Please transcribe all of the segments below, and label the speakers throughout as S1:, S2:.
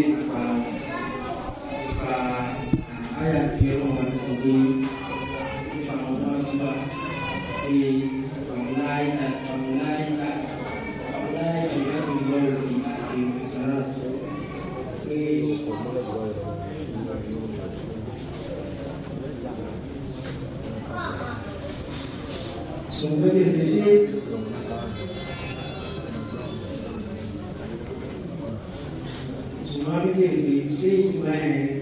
S1: nípa nípa àyà tí ọlọ́run bá ti sọ pé nípa àwọn ọmọ ọba pé ọ̀láì ọ̀láì ọ̀láì ìyáàbí lọ́wọ́ sí àti ìsọ̀rọ̀ sọ pé. Sọ̀rọ̀ lè ṣe é. completely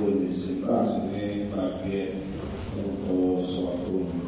S2: fuori di se passi, ma che non posso appunto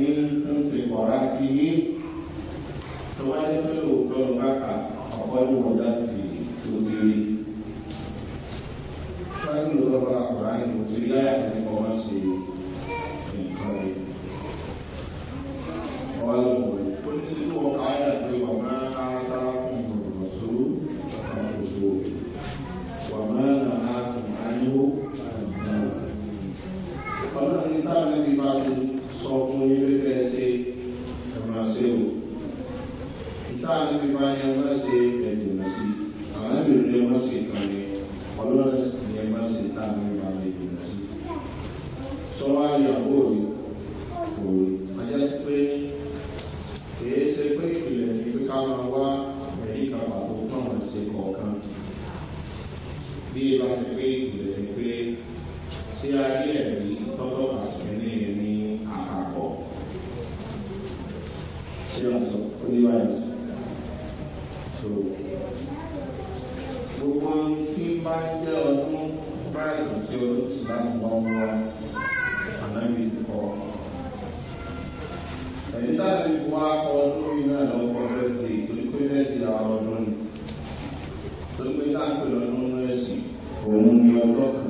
S2: ní nfi ọ̀rá sí yí tó wá ní pé òótọ́ ló bá kà ọ̀pọ̀ ní wọn láti tó kiri. Sáyẹn ló lọ́ bá ọ̀rá ọlọ́run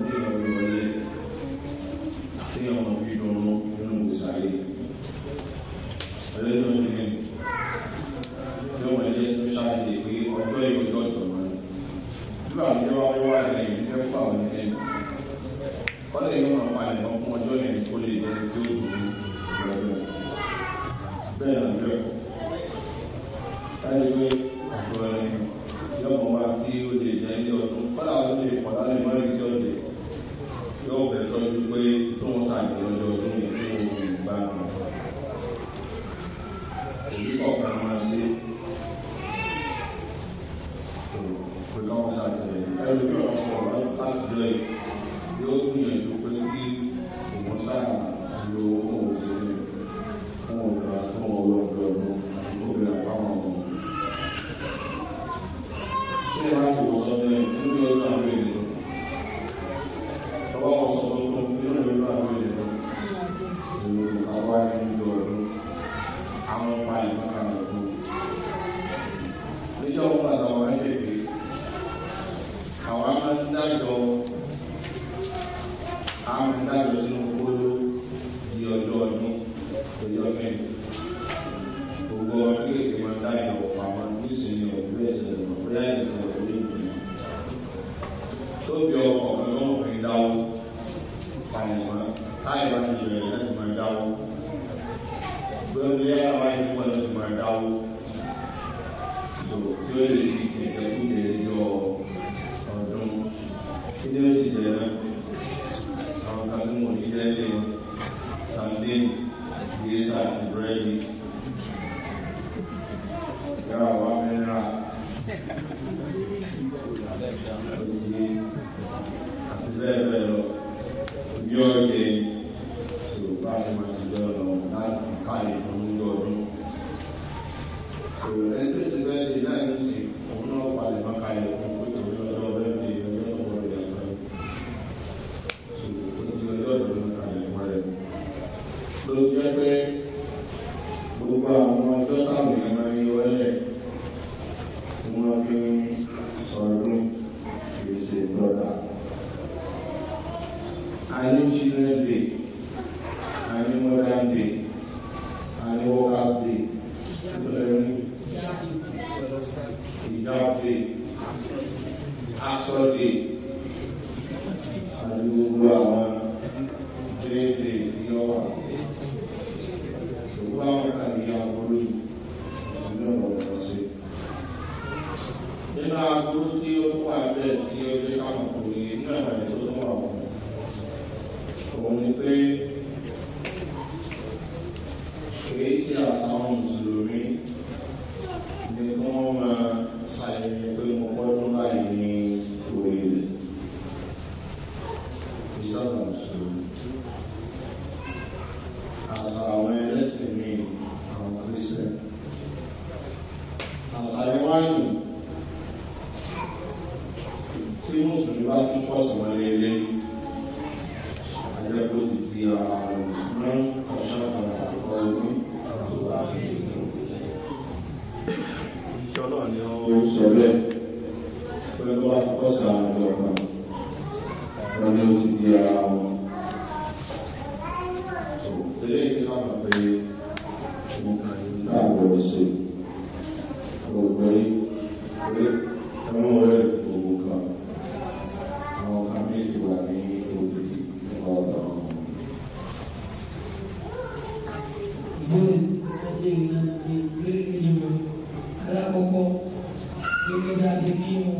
S2: mẹ́rin gbogbo ọmọ ilé ìgbìmọ̀ táyà ọ̀pọ̀ pamọ́ nísìnyí òkúrú ẹ̀sẹ̀ lọ́wọ́ bóyá ẹ̀sẹ̀ lọ́wọ́ ní ìgbìmọ̀ tó bí ọkọ̀ ọlọ́run fi dáwọ́ pàyẹ̀mọ́ táyà bá ti bẹ̀rẹ̀ láti máa àti gbogbo àwọn tíréèdè tí ó wà. Gbogbo àwọn kàníyà olú nínú ọ̀rọ̀ sí. Nínú àgbórí tí ó wà bẹ́ẹ̀
S1: lè nà lè lè nà alákọ̀ọ́kọ́ lórí dáadé kí wọn.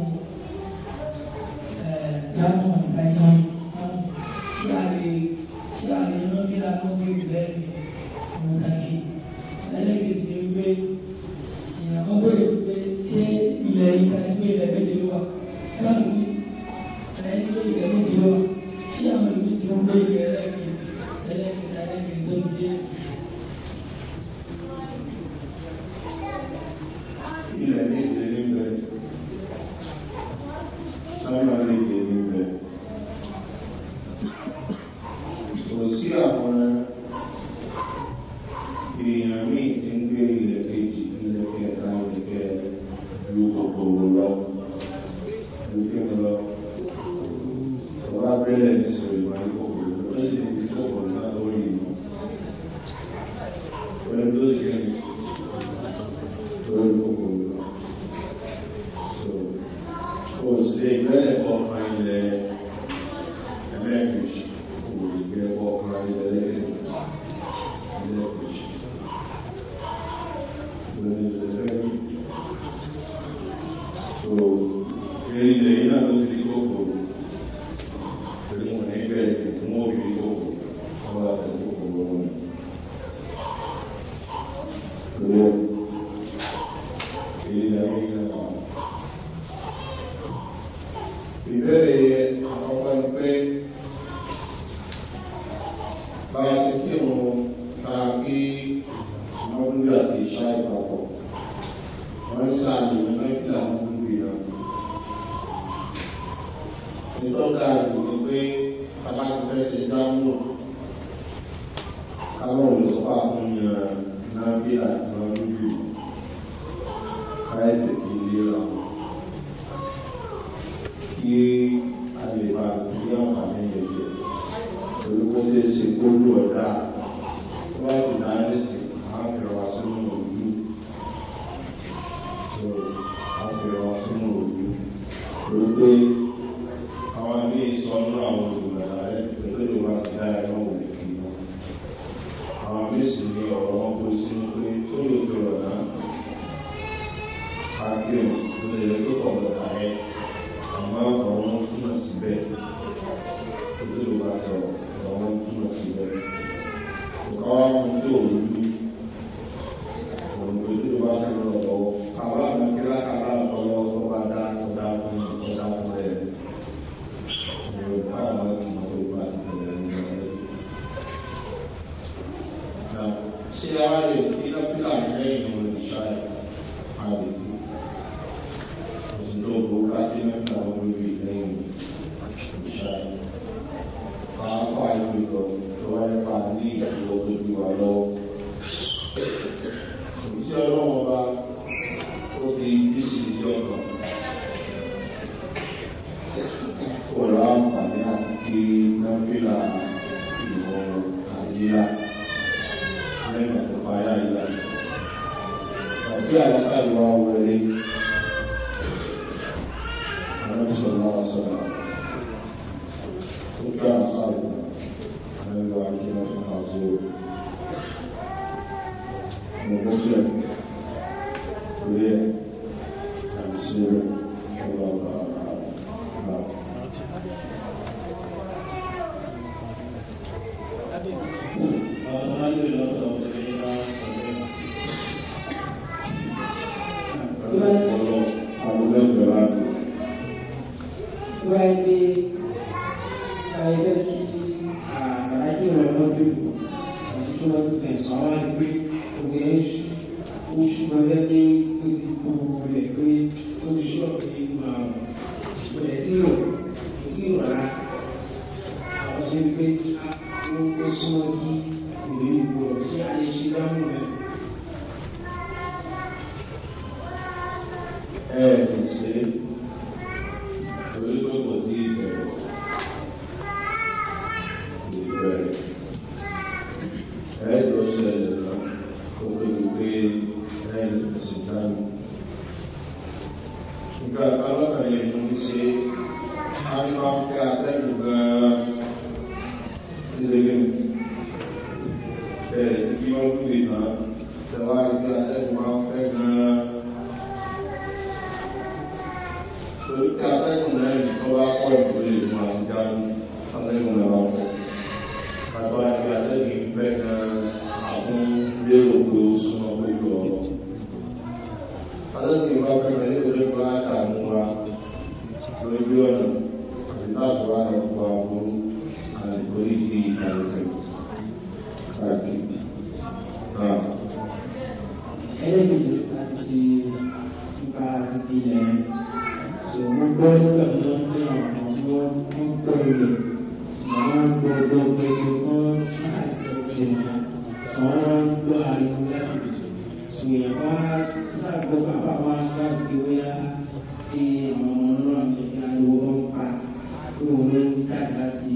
S1: David
S2: méjèèjì láti ṣe nípa títí ilẹ̀ rẹ̀. Ṣò wọ́n gbọ́ nígbà tó ń pè àwọn ọ̀nà tí wọ́n
S1: ń pọ̀ rẹ̀. Àwọn gbọ́ gbọ́ pé wọ́n ṣàìsàn àwọn wọn gbọ́ ariwo láti ṣòyìn wá sáàgbọ́ bàbá wa
S2: láti wíyá tí àwọn ọmọ náà ń ariwo wọn pa tó wọn ń kà láti.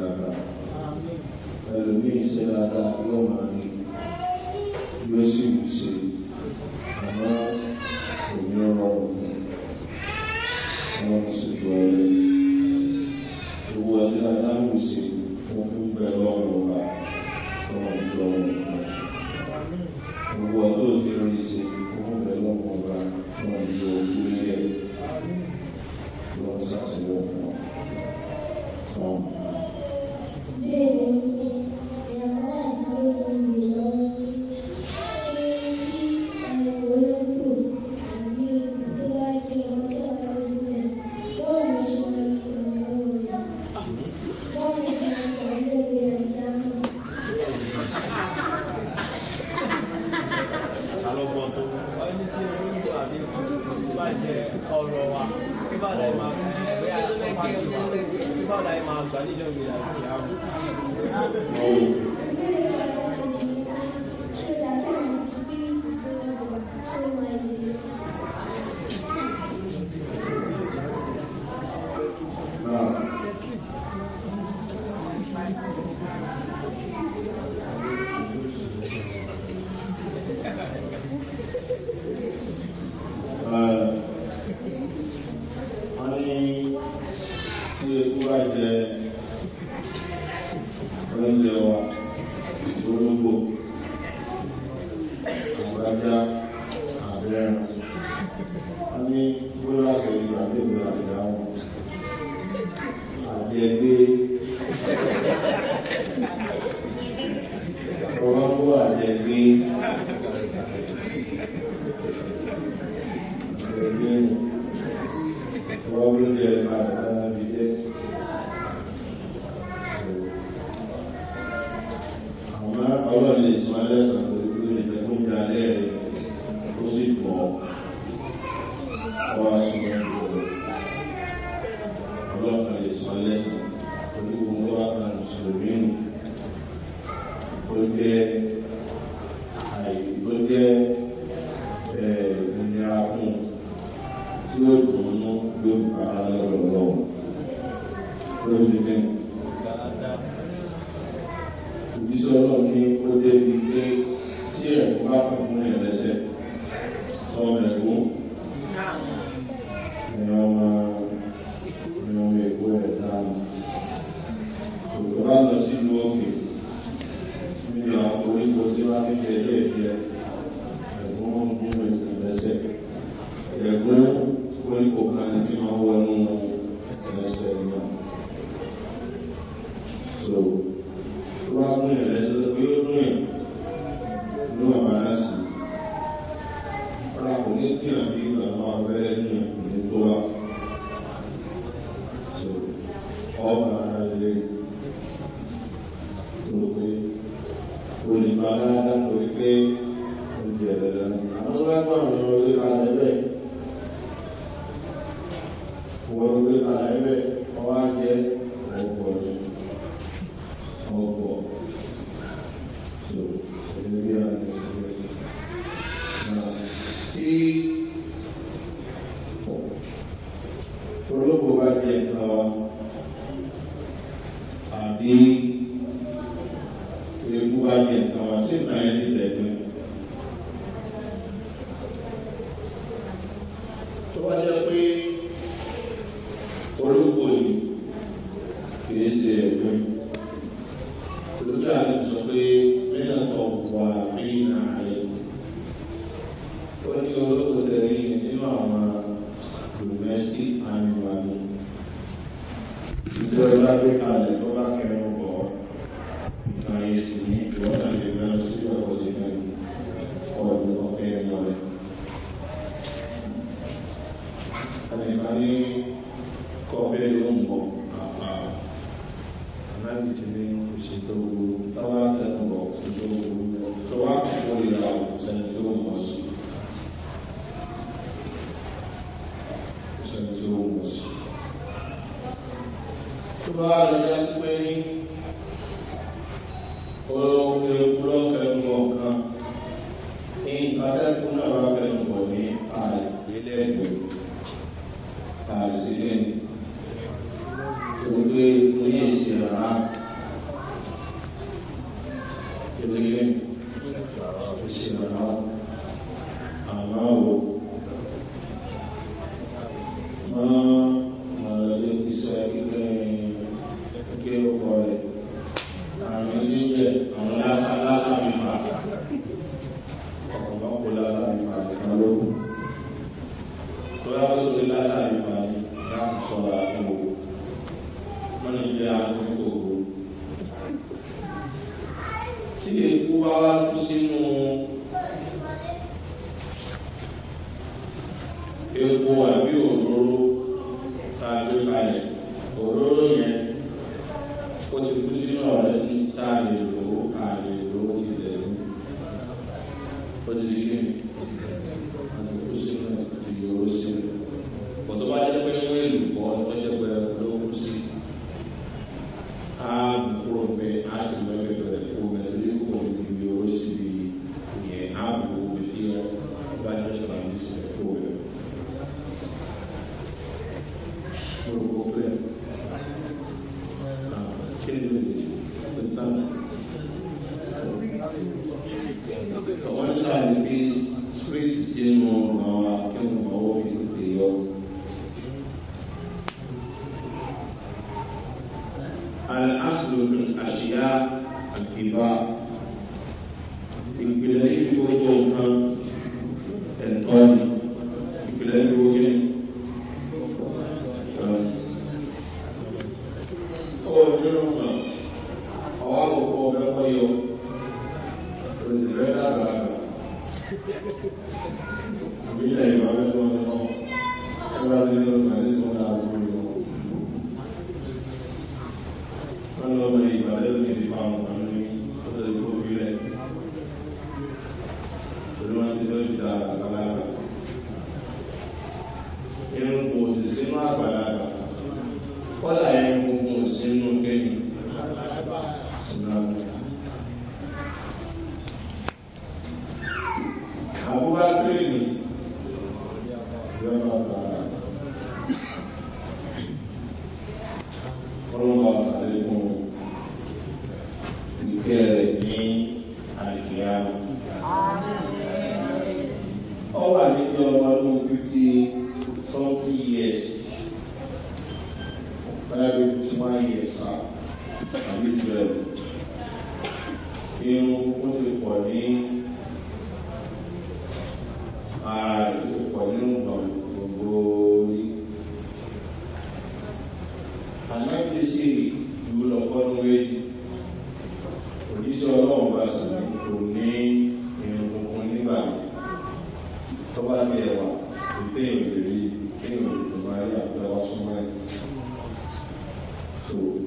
S2: serata, riunirsi eh, serata Roma pé mílíọ̀nù wà bíyìn ààrẹ ó ní olóògbé ilé àdúgbò tí èkó bá wá kú sínú epo àbí òróró.
S1: Ìbílẹ̀ ìrọ̀lẹ́ tó ń lọ, ó bá lé lọ́nà ẹ̀sùn náà kúrò lọ. Wọ́n
S2: lọ́mọ ìgbàlẹ́ òkè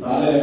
S2: Vale.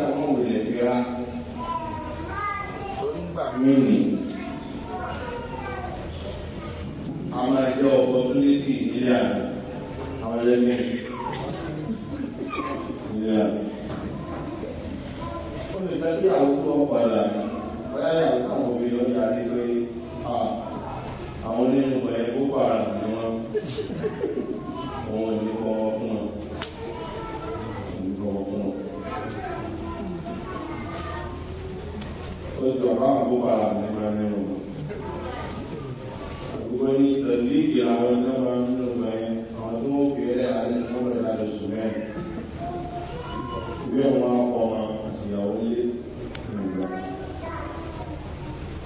S2: لكم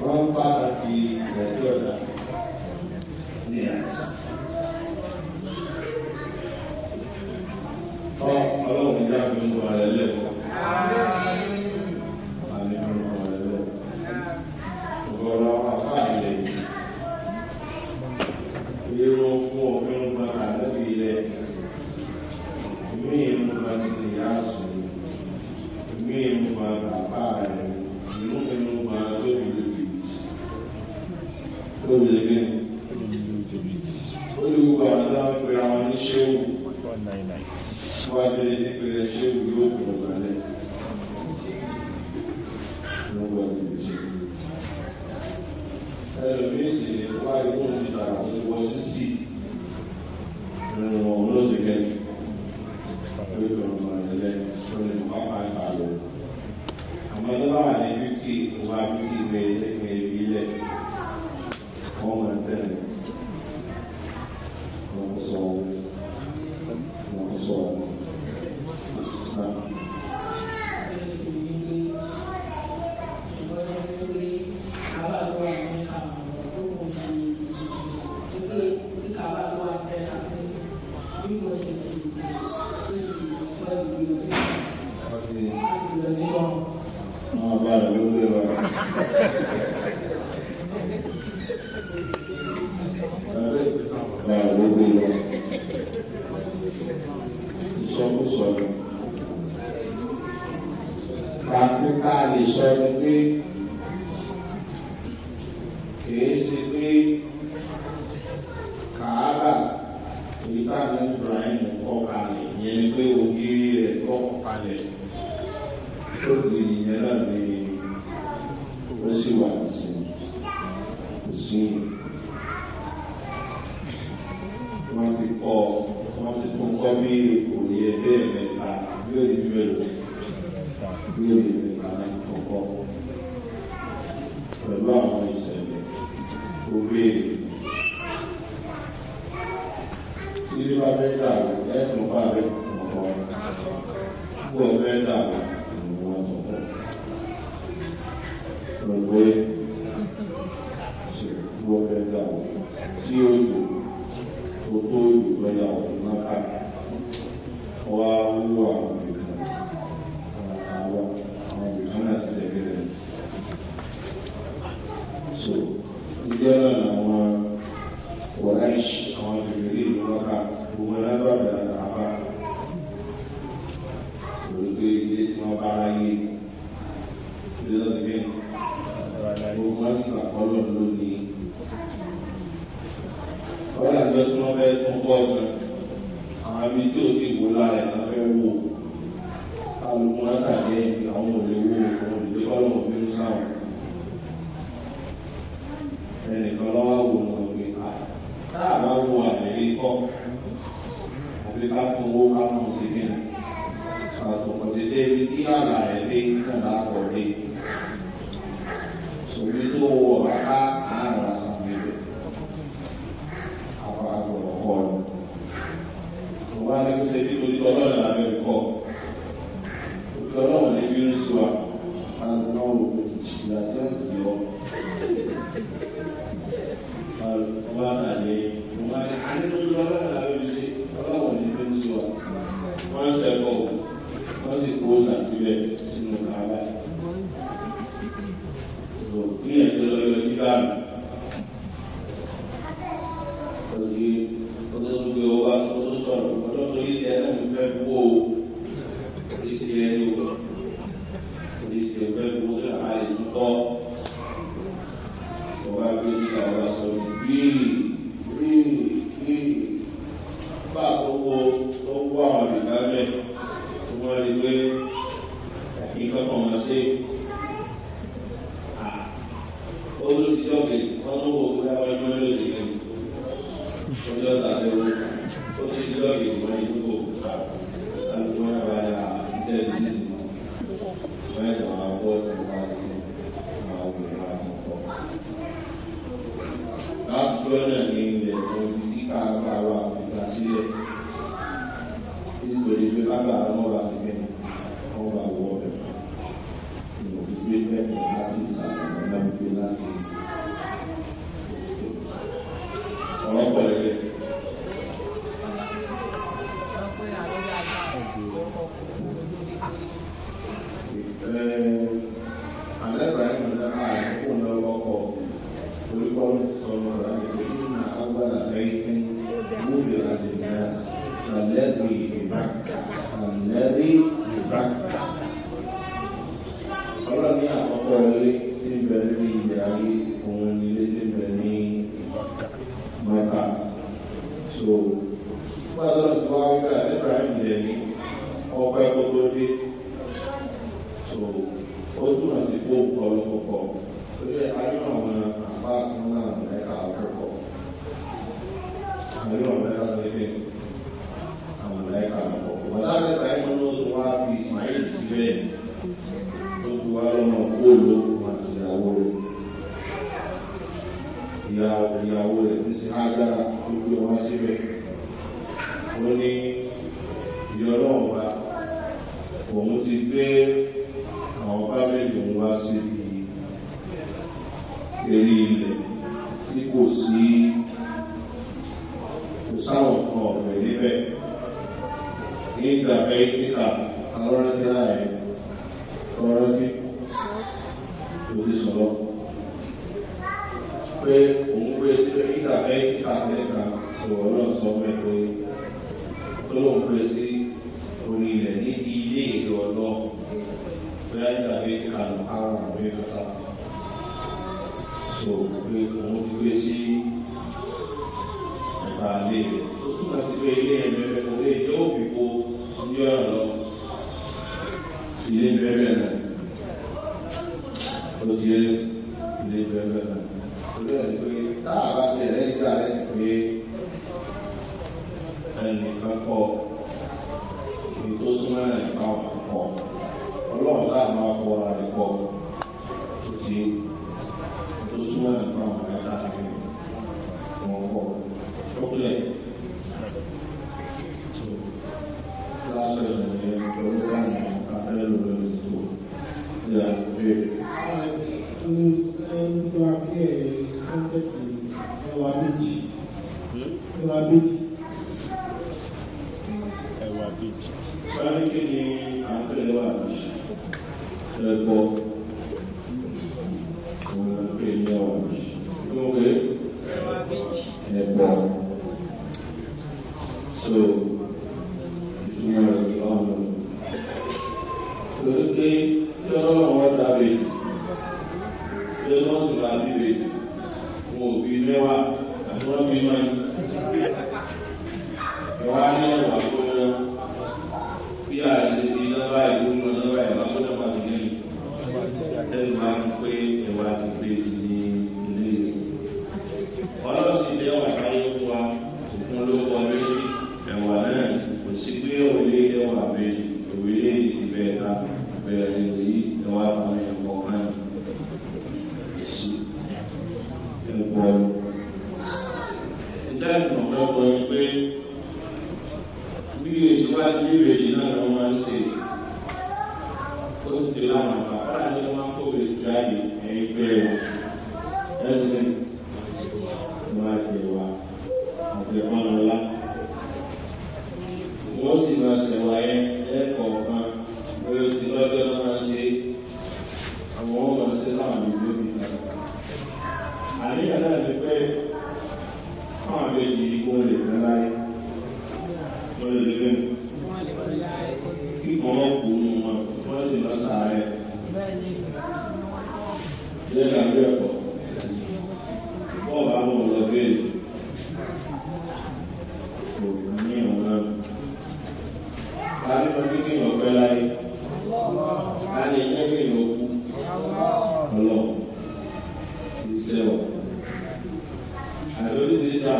S2: Rome lagi.
S1: tó ní ẹ̀sìn lọ́yọ́
S2: ní bem devagar. so pé òun ti gbé sí ẹ̀ka ilé rẹ̀ tó túmọ̀ sí pé ilé ẹ̀mẹ́rẹ́ kò lè jẹ́ òbí kó ní ọ̀rọ̀ lọ ilé ẹ̀mẹ́rẹ́ náà ó ti ilé ẹ̀mẹ́rẹ́ náà ó lẹ́yìn pé táà bá ti ẹ̀rẹ́ nígbà rẹ̀ pé ẹnì kan kọ́ èyí tó súnmọ́ ẹ̀ka ọ̀.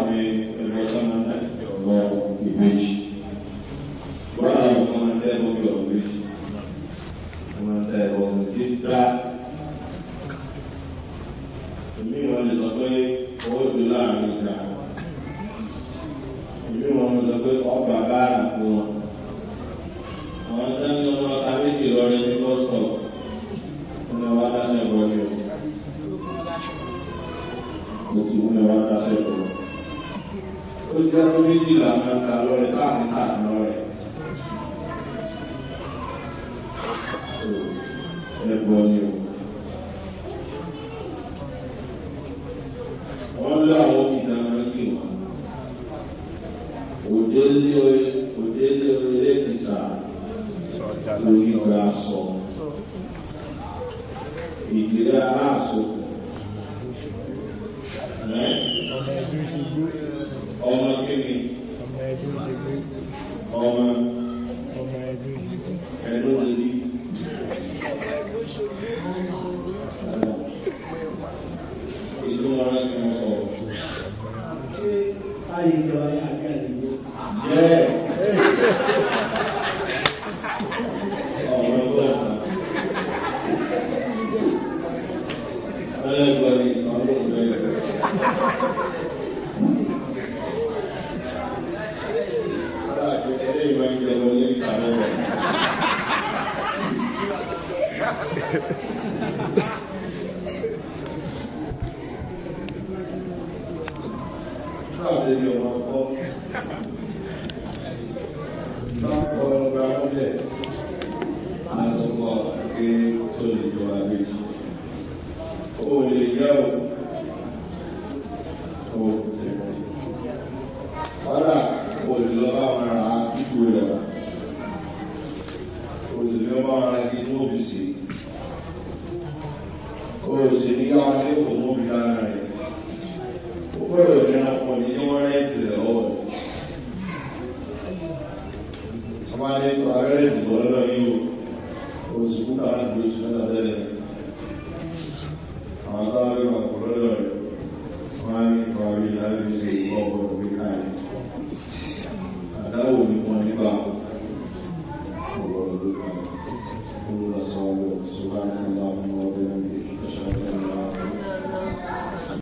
S2: we